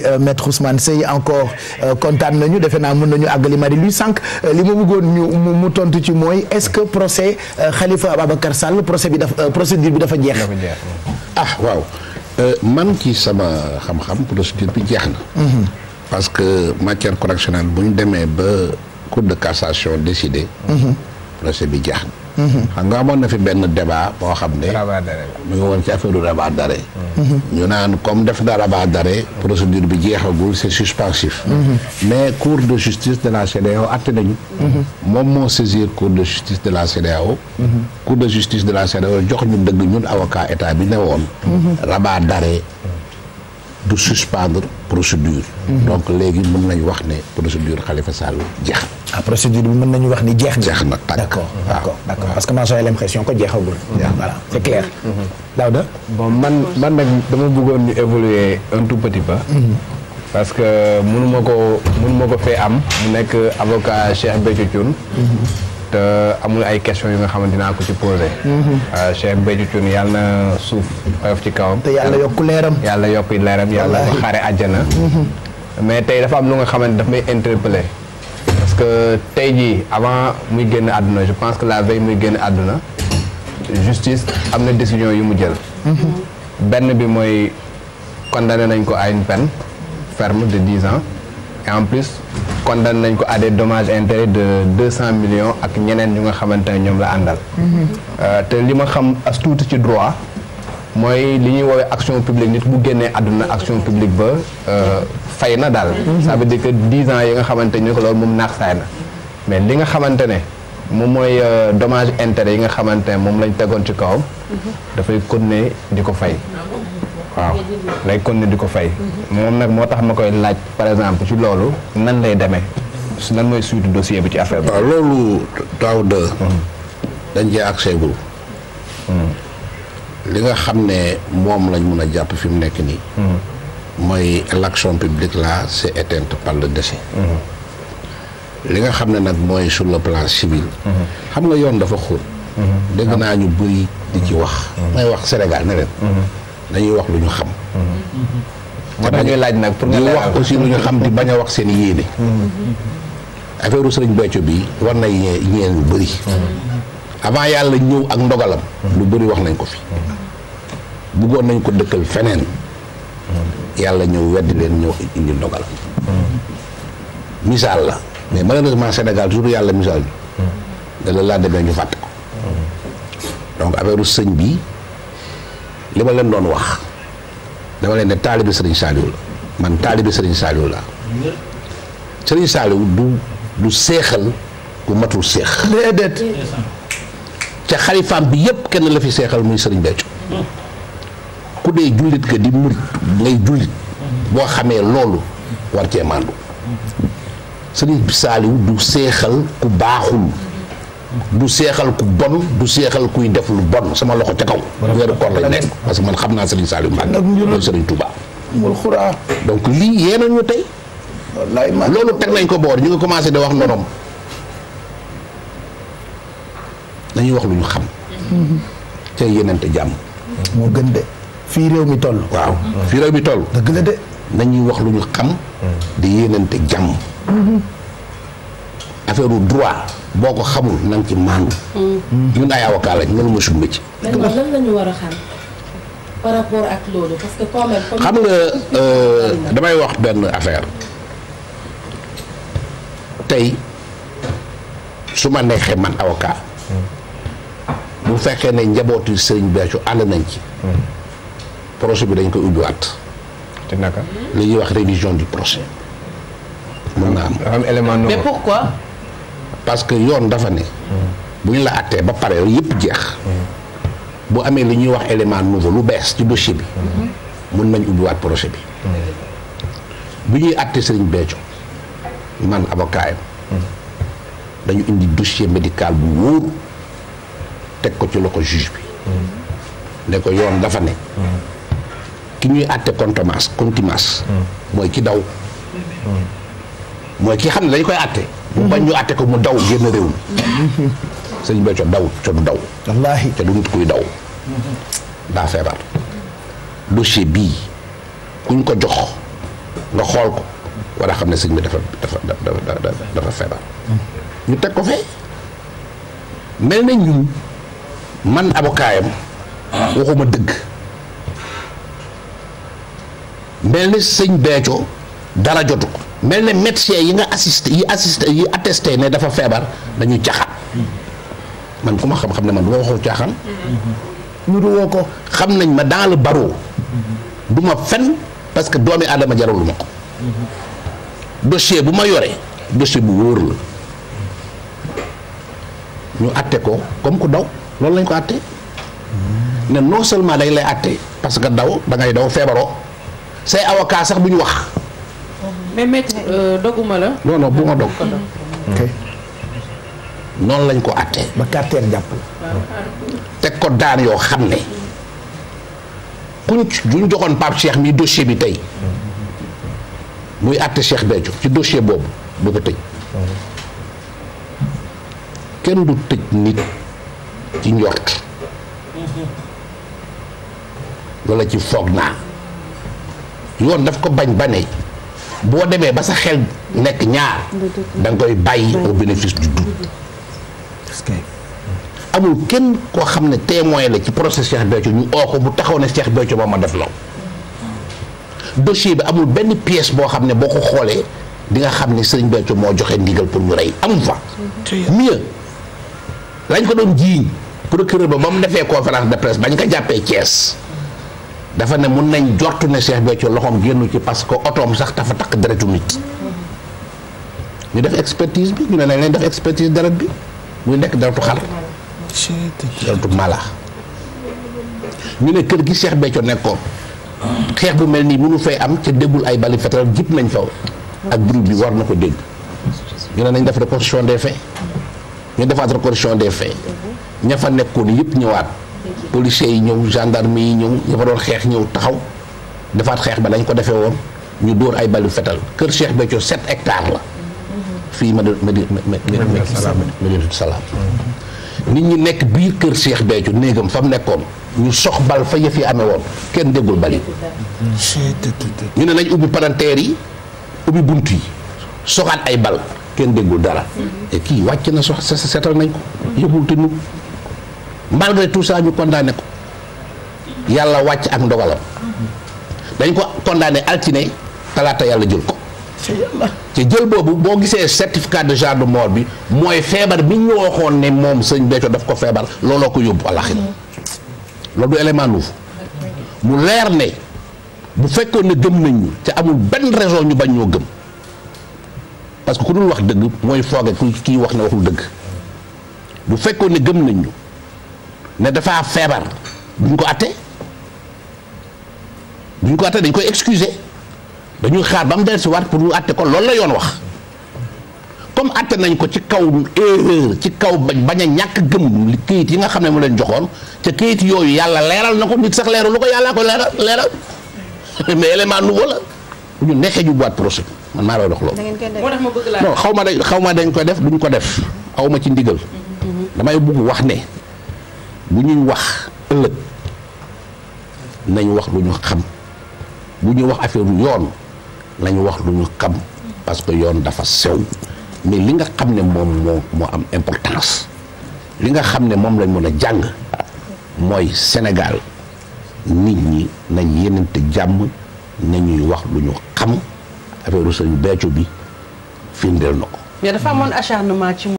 ci euh, maître Ousmane Seye encore euh, kontaan nañu defe naa mën nañu àggali mari luy sànq euh, li ma bëggoon ñu mu tontu ci mooy est-ce que procès Khalifa Ababacar Sall procès bi dafa procédure bi dafa jeex. ah waaw man ci sama xam-xam procédure bi jeex na. Mhm. parce que matière correctionnelle bu ñu demee ba cour de cassation décidé. Mm -hmm. procès bi jeex xam nga amoon na fi benn débat boo xam ne mu ngi woon ci affaire rabat d'arrêt ñu naan comme def na rabat d'arrêt procédure bi jeexagul c'est suspensif mais cour de justice de la CEDEAO atte moom moo saisir cour de justice de la CEDEAO cour de justice de la CEDEAO jox ñu dëgg ñun avocat état bi ne woon rabat d'arrêt du suspendre procédure. Mhm. donc léegi mun nañu wax ne procédure xalifa Sall jeex. ah procédure bi mën nañu wax ni jeex na. jeex na tàkk d'accord ah. d'accord d'accord parce que man j'ai l'impression que jeexagul. voilà c'est clair. Mhm. Daouda. bon man man nag dama bëggoon ñu évoluer un tout petit ba mhm. parce que mënu ma ko mënu ma ko fee am. mu nekk avocat Cheikh Béthio Thioune. te amul ay question yu nga xamante naa ko ci posé mhm. euh, Cheikh Béthio Thioune yàlla na suuf oyof ci kawam te yàlla yokk leeram yàlla yokk leeram yàlla ko xare àjjana mhm. mais tey dafa am lu nga xamante daf may interpellé parce que tey jii avant muy génn àdduna je pense que la veille muy génn àdduna justice am na décision yu mu jël mhm. benn bi mooy condamné nañ ko à une peine ferme de dix ans en plus condamné nañ ko à des dommages intérêts de deux cent millions ak ñeneen ñu nga xamante ne ñoom la àndal. Euh, te li ma xam as tuuti ci droit mooy li ñuy woowee action publique nit bu génnee àdduna action publique ba euh, fay na daal. ça veut dire que dix ans yi nga xamante ne ko loolu moom naax saay na mais li nga xamante ne moom mooy euh, dommage intérêt yi nga xamante ne moom lañ tegoon ci kawam. dafay continuer di ko fay. waaw kon continuer di ko fay. moom nag moo tax ma koy laaj par exemple ci loolu nan lay demee nan mooy suite dossier bi ci affaire bi. waaw loolu taw de. Hmm. dañ cee accès gu. Hmm. li nga xam ne moom lañ mun a jàpp fi mu nekk nii. Hmm. mooy l'action publique là c'est éteinte par le décès. li nga xam ne nag mooy sur le plan civil. xam nga yoon dafa xóot. dégg naa ñu bëri di ci wax. may wax Sénégal ne dañuy wax lu ñu xam. moo tax laaj nag pour nga wax aussi lu ñu xam di bañ a wax seen yéene. affaire sëriñ Béthio bi war na ñeen lu bëri. avant yàlla ñëw ak ndogalam. lu bëri wax nañ ko fi. buggoon nañ ko dëkkal feneen. yàlla ñëw weddi leen ñëw indi ndogalam. misaal la mais malheureusement Sénégal surtout yàlla misaal bi. da laa demee ñu fàtte ko. Mm. donc affaire sëñ bi. li ma leen doon wax dama leen ne sëriñ Serigne la man taalibi Serigne Saliou la Serigne Saliou du du seexal ku matul seex. déedéet ca xalifaam bi yépp kenn la fi seexal muy Serigne Béthio ku dee jullit ka di murit ngay jullit boo xamee loolu war cee màndu Serigne Saliou du seexal ku baaxul. du seexal ku bon du seexal kuy def lu bon sama loxo ca kaw. weeru koor lañ nekk parce que man xam naa Serigne Saliou Mbacke. loolu Serigne Touba. mul xuraa. donc lii yee nañu tey. wallaay man loolu teg nañ ko boor ñu ngi commencé di wax norom dañuy wax lu ñu xam. te yenente jàmm. moo gën de. fii réew mi toll. waaw fii réew mi toll. dëgg la de. nañuy wax lu ñu xam. Hmm. di te jàmm. Hmm. affaire u droit boo ko xamul na ci maandu. Mm. ñun ay avocat lañ loolu mooy suñu métier. maintenant lan xam nga euh, damay wax benn affaire tey su ma neexee man avocat. Mm. bu fekkee ne njabootu Serigne Béthio ànd nañ ci. Mm. procès bi dañ koy ubbiwaat. te naka li ñuy wax révision du procès. mun naa am élément mais pourquoi. parce que yoon dafa ne. bu ñu la àttee ba pare yëpp jeex. bu amee li ñuy wax élément nouveau lu bees ci dossier bi. mun nañ ubbiwaat projet bi. bu ñuy àtte Serigne Béthio man avocat dañu indi dossier médical bu wóor teg ko ci loxo juge bi. ne ko yoon dafa ne. ki ñuy àtte contumace contumace. mooy ki daw. mooy kii xam ne dañ koy àtte. mu bañ ñu àtte ko mu daw génn réew mi. sëñ Béthio daw ca du daw. wallaahi ca du nit kuy daw. daa feebar. dossier bii kuñ ko jox nga xool ko war a xam ne sëñ bi dafa dafa dafa dafa feebar. ñu teg ko fee mel na ñun man avocat yam dëgg. mel ni sëñ jotu ko. mel ne médecin yi nga assisté yi assisté yi attesté ne dafa feebar dañu caaxaan man ku ma xam-xam ne man du ma waxoo caaxaan du woo ko xam nañ ma dans le barreau du ma fen parce que doomi aadama lu ma ko dossier bu ma yore dossier bu wóor la ñu atte ko comme ku daw loolu lañ ko atte ne non seulement dañ lay atte parce que daw da ngay daw feebaroo say avocat sax bu ñu wax mais maître euh, doguma la. non non bu ma dog. noonu lañ ko àttee. ba quartier jàpp la. teg ko daan yoo xam ne kuñ duñ joxoon Pape Cheikh mi dossier bi tey muy àtte Cheikh Béthio ci dossier boobu du ko tëj. kenn du tëj nit ci njort wala ci foog naa yoon daf ko bañ ba ne boo demee ba sa xel nekk ñaar danga koy bàyyi au bénéfice du doute amul kenn koo xam ne témoin la ci procès Cheikh Béthio ñu oo ko bu taxaw ne Cheikh Béthio ba ma def law dossier bi amul benn pièce boo xam ne boo ko xoolee di nga xam ne Serigne Béthio moo joxe ndigal pour ñu rey amul fa mieux lañ ko doon jiiñ procureur ba ba mu defee conférence de presse bañ ko jàppee Thiès dafa ne mun nañ jortu ne Cheikh Béthio loxoom génnu ci parce que otoom sax dafa takk deretu nit ñu def expertise bi ñu ne nañ leen def expertise deret bi muy nekk deretu xar deretu mala ñu ne kër gi Cheikh Béthio nekkoon xeex bu mel nii mënu fay am ca déggul ay bali fetal jip nañ faw ak bruit bi war na ko dégg ñu ne nañ def reconstitution des faits ñu defaat reconstitution des faits ña fa nekkoon yëpp ñëwaat policiers yi ñëw gendarme yi ñëw ña doon xeex ñëw taxaw defaat xeex ba dañ ko defee woon ñu dóor ay balu fetal kër seex Béthio sept hectares la fii ma Médinatoul Salam nit ñi nekk biir kër seex Béthio néegam fa nekkoon ñu sox bal fa yëf yi amee woon kenn déggul bal yi ñu ne nañ ubbi palanteer yi ubbi bunt yi soxaat ay bal kenn déggul dara et kii wàcc na sox setal nañ ko yëbul te nu malgré tout saa ñu condamné ko yàlla wàcc ak ndogalam dañ ko condamné altine talaata yàlla jël ko ci jël boobu boo gisee certificat de genre de mort bi mooy feebar bi ñu waxoon ne moom sëñ Béthio daf ko feebar looloo ko yóbbu alaxir loolu du élément nouveau mu leer ne bu fekkoon ne gëm nañ ñu te amul benn raison ñu bañ ñoo gëm parce que ku dul wax dëgg mooy fooge ku kii wax ne waxul dëgg bu fekkoon ne gëm nañ ñu ne dafa feebar duñ ko atte duñ ko atte dañ koy excuser dañuy xaar ba mu dellu si waat pour ñu atte ko loolu la yoon wax comme atte nañ ko ci kaw erreur ci kaw bañ a ñàkk gëm kayit yi nga xam ne mu leen joxoon ca kayit yooyu yàlla leeral na ko nit sax leeralu ko yàllaa ko leeral leeral mais élément nouveau la bu ñu neexee ñu boîte procès man maa dox loolu. moo ma bëgg laa non xaw ma dañ xaw ma dañ ko def duñ ko def aw ma ci ndigal. Mm-hmm. damay bugg wax ne. bu ñuy wax ëllëg nañu wax lu ñu xam bu ñuy wax affaire yoon nañu wax lu ñu xam parce que yoon dafa sew mais li nga xam ne moom moo am importance li nga xam ne moom lañ mën a jàng mooy Sénégal nit ñi nañ yenente jàmm nañuy wax lu ñu xam affaire sëñ Béthio bi firndeel na ko mais dafa amoon acharnement ci